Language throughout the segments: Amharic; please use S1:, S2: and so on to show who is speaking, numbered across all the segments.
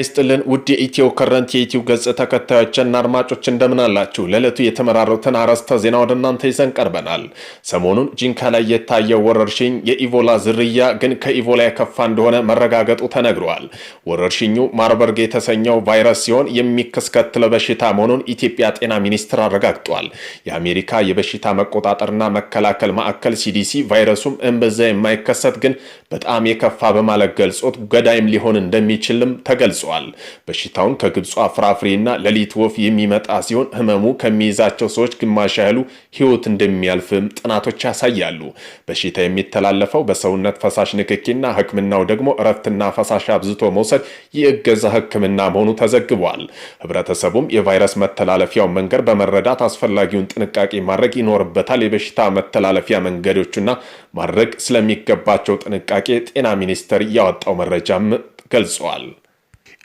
S1: ይስጥልን ውድ የኢትዮ ከረንት የኢትዮ ገጽ ተከታዮችና አድማጮች እንደምን አላችሁ? ለዕለቱ የተመራሩትን አርዕስተ ዜና ወደ እናንተ ይዘን ቀርበናል። ሰሞኑን ጂንካ ላይ የታየው ወረርሽኝ የኢቮላ ዝርያ ግን ከኢቮላ የከፋ እንደሆነ መረጋገጡ ተነግሯል። ወረርሽኙ ማርበርግ የተሰኘው ቫይረስ ሲሆን የሚከስከትለው በሽታ መሆኑን ኢትዮጵያ ጤና ሚኒስቴር አረጋግጧል። የአሜሪካ የበሽታ መቆጣጠርና መከላከል ማዕከል ሲዲሲ ቫይረሱም እምብዛ የማይከሰት ግን በጣም የከፋ በማለት ገልጾት ገዳይም ሊሆን እንደሚችልም ተገልጿል። ገልጿል። በሽታውን ከግብፁ ፍራፍሬና ሌሊት ወፍ የሚመጣ ሲሆን ህመሙ ከሚይዛቸው ሰዎች ግማሽ ያህሉ ህይወት እንደሚያልፍም ጥናቶች ያሳያሉ። በሽታ የሚተላለፈው በሰውነት ፈሳሽ ንክኪና ህክምናው ደግሞ እረፍትና ፈሳሽ አብዝቶ መውሰድ የእገዛ ህክምና መሆኑ ተዘግቧል። ህብረተሰቡም የቫይረስ መተላለፊያውን መንገድ በመረዳት አስፈላጊውን ጥንቃቄ ማድረግ ይኖርበታል። የበሽታ መተላለፊያ መንገዶቹና ማድረግ ስለሚገባቸው ጥንቃቄ ጤና ሚኒስቴር ያወጣው መረጃም ገልጿል።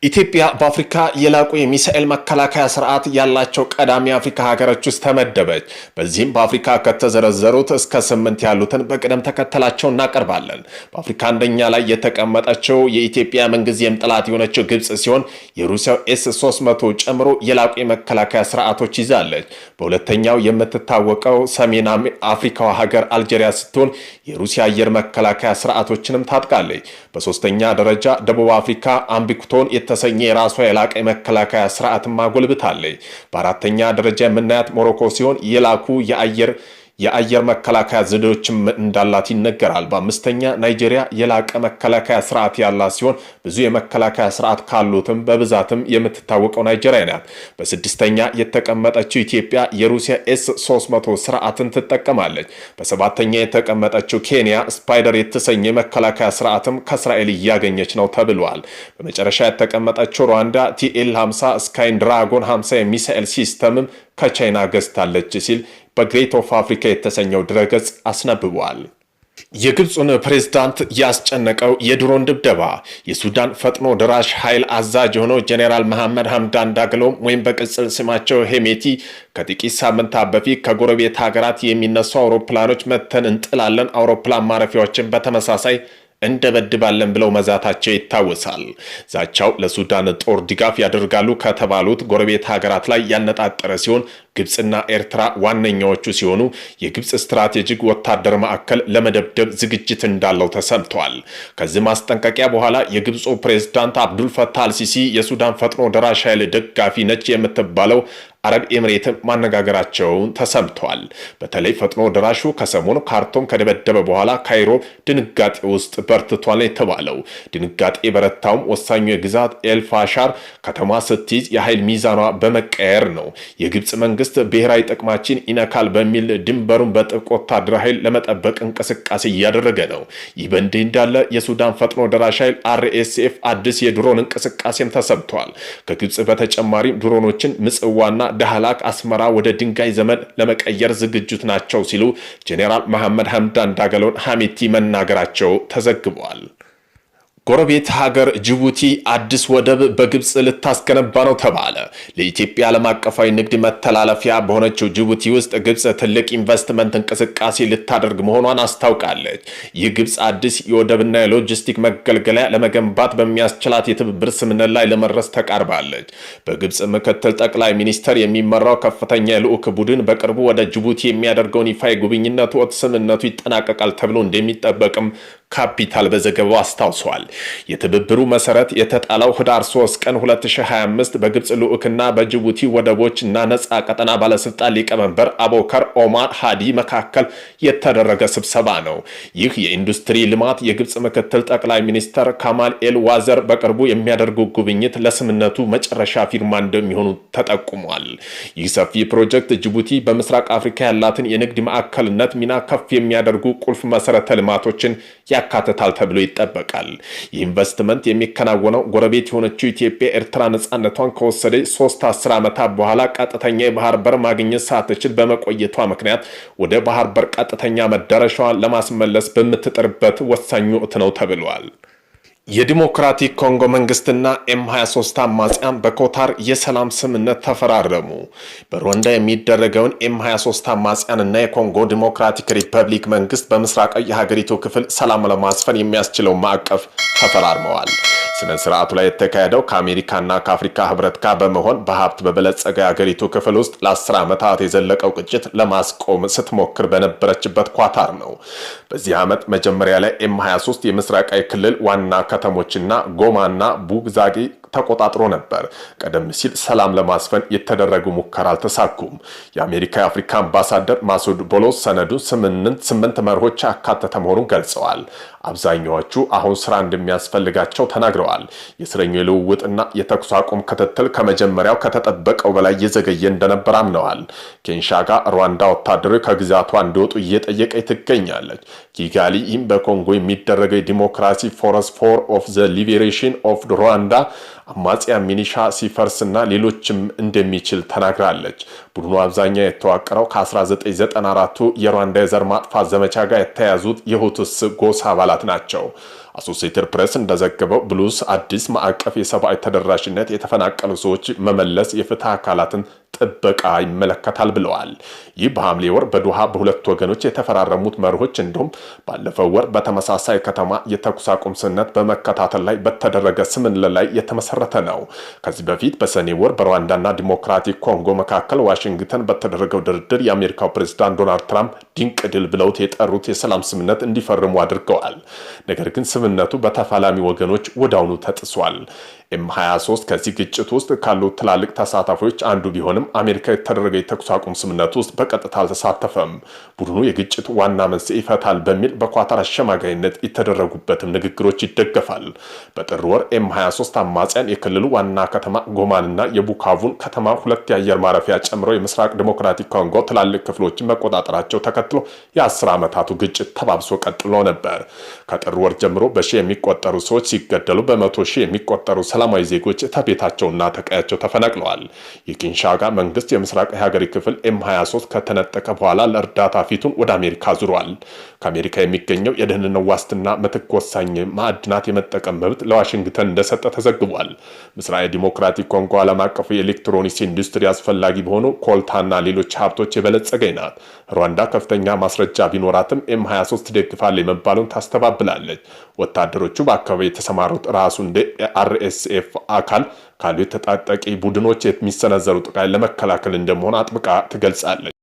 S1: ኢትዮጵያ በአፍሪካ የላቁ የሚሳኤል መከላከያ ስርዓት ያላቸው ቀዳሚ አፍሪካ ሀገሮች ውስጥ ተመደበች። በዚህም በአፍሪካ ከተዘረዘሩት እስከ ስምንት ያሉትን በቅደም ተከተላቸው እናቀርባለን። በአፍሪካ አንደኛ ላይ የተቀመጠችው የኢትዮጵያ ምንጊዜም ጠላት የሆነችው ግብፅ ሲሆን የሩሲያው ኤስ 300 ጨምሮ የላቁ የመከላከያ ስርዓቶች ይዛለች። በሁለተኛው የምትታወቀው ሰሜን አፍሪካዋ ሀገር አልጄሪያ ስትሆን የሩሲያ አየር መከላከያ ስርዓቶችንም ታጥቃለች። በሶስተኛ ደረጃ ደቡብ አፍሪካ አምቢኩቶን የተሰኘ የራሷ የላቀ የመከላከያ ስርዓትን ማጎልብታለች። በአራተኛ ደረጃ የምናያት ሞሮኮ ሲሆን የላኩ የአየር የአየር መከላከያ ዘዴዎችም እንዳላት ይነገራል። በአምስተኛ ናይጄሪያ የላቀ መከላከያ ስርዓት ያላት ሲሆን ብዙ የመከላከያ ስርዓት ካሉትም በብዛትም የምትታወቀው ናይጄሪያ ናት። በስድስተኛ የተቀመጠችው ኢትዮጵያ የሩሲያ ኤስ 300 ስርዓትን ትጠቀማለች። በሰባተኛ የተቀመጠችው ኬንያ ስፓይደር የተሰኘ የመከላከያ ስርዓትም ከእስራኤል እያገኘች ነው ተብሏል። በመጨረሻ የተቀመጠችው ሩዋንዳ ቲኤል 50 ስካይን ድራጎን 50 የሚሳኤል ሲስተምም ከቻይና ገዝታለች ሲል በግሬት ኦፍ አፍሪካ የተሰኘው ድረገጽ አስነብቧል። የግብፁን ፕሬዝዳንት ያስጨነቀው የድሮን ድብደባ የሱዳን ፈጥኖ ደራሽ ኃይል አዛዥ የሆነው ጄኔራል መሐመድ ሐምዳን ዳግሎም ወይም በቅጽል ስማቸው ሄሜቲ ከጥቂት ሳምንታት በፊት ከጎረቤት ሀገራት የሚነሱ አውሮፕላኖች መተን እንጥላለን፣ አውሮፕላን ማረፊያዎችን በተመሳሳይ እንደበድባለን ብለው መዛታቸው ይታወሳል። ዛቻው ለሱዳን ጦር ድጋፍ ያደርጋሉ ከተባሉት ጎረቤት ሀገራት ላይ ያነጣጠረ ሲሆን ግብፅና ኤርትራ ዋነኛዎቹ ሲሆኑ የግብፅ ስትራቴጂክ ወታደር ማዕከል ለመደብደብ ዝግጅት እንዳለው ተሰምተዋል። ከዚህ ማስጠንቀቂያ በኋላ የግብፁ ፕሬዝዳንት አብዱልፈታህ አልሲሲ የሱዳን ፈጥኖ ደራሽ ኃይል ደጋፊ ነች የምትባለው አረብ ኤምሬትን ማነጋገራቸውን ተሰምቷል። በተለይ ፈጥኖ ደራሹ ከሰሞኑ ካርቱም ከደበደበ በኋላ ካይሮ ድንጋጤ ውስጥ በርትቷል የተባለው ድንጋጤ በረታውም ወሳኙ የግዛት ኤልፋሻር ከተማ ስትይዝ የኃይል ሚዛኗ በመቀየር ነው። የግብፅ መንግስት ብሔራዊ ጥቅማችን ይነካል በሚል ድንበሩን በጥብቅ ወታደር ኃይል ለመጠበቅ እንቅስቃሴ እያደረገ ነው። ይህ በእንዲህ እንዳለ የሱዳን ፈጥኖ ደራሽ ኃይል አርኤስኤፍ አዲስ የድሮን እንቅስቃሴም ተሰምቷል። ከግብፅ በተጨማሪም ድሮኖችን ምጽዋና ዳህላክ አስመራ ወደ ድንጋይ ዘመን ለመቀየር ዝግጁት ናቸው ሲሉ ጄኔራል መሐመድ ሐምዳን ዳገሎን ሐሚቲ መናገራቸው ተዘግቧል። ጎረቤት ሀገር ጅቡቲ አዲስ ወደብ በግብፅ ልታስገነባ ነው ተባለ። ለኢትዮጵያ ዓለም አቀፋዊ ንግድ መተላለፊያ በሆነችው ጅቡቲ ውስጥ ግብፅ ትልቅ ኢንቨስትመንት እንቅስቃሴ ልታደርግ መሆኗን አስታውቃለች። ይህ ግብፅ አዲስ የወደብና የሎጂስቲክ መገልገያ ለመገንባት በሚያስችላት የትብብር ስምነት ላይ ለመድረስ ተቃርባለች። በግብፅ ምክትል ጠቅላይ ሚኒስተር የሚመራው ከፍተኛ የልዑክ ቡድን በቅርቡ ወደ ጅቡቲ የሚያደርገውን ይፋ የጉብኝነቱ ወቅት ስምነቱ ይጠናቀቃል ተብሎ እንደሚጠበቅም ካፒታል በዘገባው አስታውሰዋል። የትብብሩ መሰረት የተጣለው ህዳር 3 ቀን 2025 በግብፅ ልዑክና በጅቡቲ ወደቦች እና ነፃ ቀጠና ባለስልጣን ሊቀመንበር አቦከር ኦማር ሃዲ መካከል የተደረገ ስብሰባ ነው። ይህ የኢንዱስትሪ ልማት የግብፅ ምክትል ጠቅላይ ሚኒስተር ካማል ኤል ዋዘር በቅርቡ የሚያደርጉ ጉብኝት ለስምነቱ መጨረሻ ፊርማ እንደሚሆኑ ተጠቁሟል። ይህ ሰፊ ፕሮጀክት ጅቡቲ በምስራቅ አፍሪካ ያላትን የንግድ ማዕከልነት ሚና ከፍ የሚያደርጉ ቁልፍ መሰረተ ልማቶችን ያ ያካትታል ተብሎ ይጠበቃል። ይህ ኢንቨስትመንት የሚከናወነው ጎረቤት የሆነችው ኢትዮጵያ ኤርትራ ነፃነቷን ከወሰደ ሶስት አስር ዓመታት በኋላ ቀጥተኛ የባህር በር ማግኘት ሳትችል በመቆየቷ ምክንያት ወደ ባህር በር ቀጥተኛ መዳረሻዋን ለማስመለስ በምትጥርበት ወሳኝ ወቅት ነው ተብሏል። የዲሞክራቲክ ኮንጎ መንግስትና ኤም 23 አማጽያን በኮታር የሰላም ስምምነት ተፈራረሙ። በሩዋንዳ የሚደረገውን ኤም 23 አማጽያን እና የኮንጎ ዲሞክራቲክ ሪፐብሊክ መንግስት በምስራቃዊ የሀገሪቱ ክፍል ሰላም ለማስፈን የሚያስችለው ማዕቀፍ ተፈራርመዋል። ስነ ስርዓቱ ላይ የተካሄደው ከአሜሪካና ከአፍሪካ ህብረት ጋር በመሆን በሀብት በበለጸገ የአገሪቱ ክፍል ውስጥ ለአስር ዓመታት የዘለቀው ግጭት ለማስቆም ስትሞክር በነበረችበት ኳታር ነው። በዚህ ዓመት መጀመሪያ ላይ ኤም 23 የምስራቃዊ ክልል ዋና ከተሞችና ጎማና ቡግዛጊ ተቆጣጥሮ ነበር። ቀደም ሲል ሰላም ለማስፈን የተደረጉ ሙከራ አልተሳኩም። የአሜሪካ የአፍሪካ አምባሳደር ማሱድ ቦሎ ሰነዱን ስምንት መርሆች ያካተተ መሆኑን ገልጸዋል። አብዛኛዎቹ አሁን ስራ እንደሚያስፈልጋቸው ተናግረዋል። የእስረኞች ልውውጥና የተኩስ አቁም ክትትል ከመጀመሪያው ከተጠበቀው በላይ እየዘገየ እንደነበር አምነዋል። ኪንሻሳ ሩዋንዳ ወታደሮች ከግዛቷ እንዲወጡ እየጠየቀች ትገኛለች። ኪጋሊ ይህም በኮንጎ የሚደረገው የዲሞክራሲ ፎረስ ፎር ኦፍ ዘ ሊቤሬሽን ኦፍ ሩዋንዳ አማጽያ ሚኒሻ ሲፈርስና ሌሎችም እንደሚችል ተናግራለች። ቡድኑ አብዛኛው የተዋቀረው ከ1994ቱ የሩዋንዳ የዘር ማጥፋት ዘመቻ ጋር የተያዙት የሁትስ ጎሳ አባላት ናቸው። አሶሴትድ ፕሬስ እንደዘገበው ብሉስ አዲስ ማዕቀፍ የሰብአዊ ተደራሽነት፣ የተፈናቀሉ ሰዎች መመለስ፣ የፍትህ አካላትን ጥበቃ ይመለከታል ብለዋል። ይህ በሐምሌ ወር በዱሃ በሁለት ወገኖች የተፈራረሙት መርሆች እንዲሁም ባለፈው ወር በተመሳሳይ ከተማ የተኩስ አቁም ስምምነት በመከታተል ላይ በተደረገ ስምምነት ላይ የተመሰረተ ነው። ከዚህ በፊት በሰኔ ወር በሩዋንዳና ዲሞክራቲክ ኮንጎ መካከል ዋሽ ዋሽንግተን በተደረገው ድርድር የአሜሪካው ፕሬዝዳንት ዶናልድ ትራምፕ ድንቅ ድል ብለውት የጠሩት የሰላም ስምምነት እንዲፈርሙ አድርገዋል። ነገር ግን ስምምነቱ በተፋላሚ ወገኖች ወዳውኑ ተጥሷል። ኤም 23 ከዚህ ግጭት ውስጥ ካሉ ትላልቅ ተሳታፊዎች አንዱ ቢሆንም አሜሪካ የተደረገ የተኩስ አቁም ስምነት ውስጥ በቀጥታ አልተሳተፈም። ቡድኑ የግጭት ዋና መንስኤ ይፈታል በሚል በኳታር አሸማጋይነት የተደረጉበትም ንግግሮች ይደገፋል። በጥር ወር ኤም 23 አማጽያን የክልሉ ዋና ከተማ ጎማንና የቡካቡን ከተማ ሁለት የአየር ማረፊያ ጨምሮ የምስራቅ ዲሞክራቲክ ኮንጎ ትላልቅ ክፍሎችን መቆጣጠራቸው ተከትሎ የአስር ዓመታቱ ግጭት ተባብሶ ቀጥሎ ነበር። ከጥር ወር ጀምሮ በሺ የሚቆጠሩ ሰዎች ሲገደሉ በመቶ ሺህ የሚቆጠሩ ሰላማዊ ዜጎች ተቤታቸውና ተቀያቸው ተፈናቅለዋል። የኪንሻጋ መንግስት የምስራቅ የሀገሪ ክፍል ኤም 23 ከተነጠቀ በኋላ ለእርዳታ ፊቱን ወደ አሜሪካ ዙሯል። ከአሜሪካ የሚገኘው የደህንነት ዋስትና ምትክ ወሳኝ ማዕድናት የመጠቀም መብት ለዋሽንግተን እንደሰጠ ተዘግቧል። ምስራቅ ዲሞክራቲክ ኮንጎ ዓለም አቀፉ የኤሌክትሮኒክስ ኢንዱስትሪ አስፈላጊ በሆኑ ኮልታና ሌሎች ሀብቶች የበለጸገኝ ናት። ሩዋንዳ ከፍተኛ ማስረጃ ቢኖራትም ኤም 23 ደግፋል የመባሉን ታስተባብላለች። ወታደሮቹ በአካባቢ የተሰማሩት ራሱ እንደ አርኤስ ኤስኤፍ አካል ካሉ የተጣጣቂ ቡድኖች የሚሰነዘሩ ጥቃት ለመከላከል እንደመሆን አጥብቃ ትገልጻለች።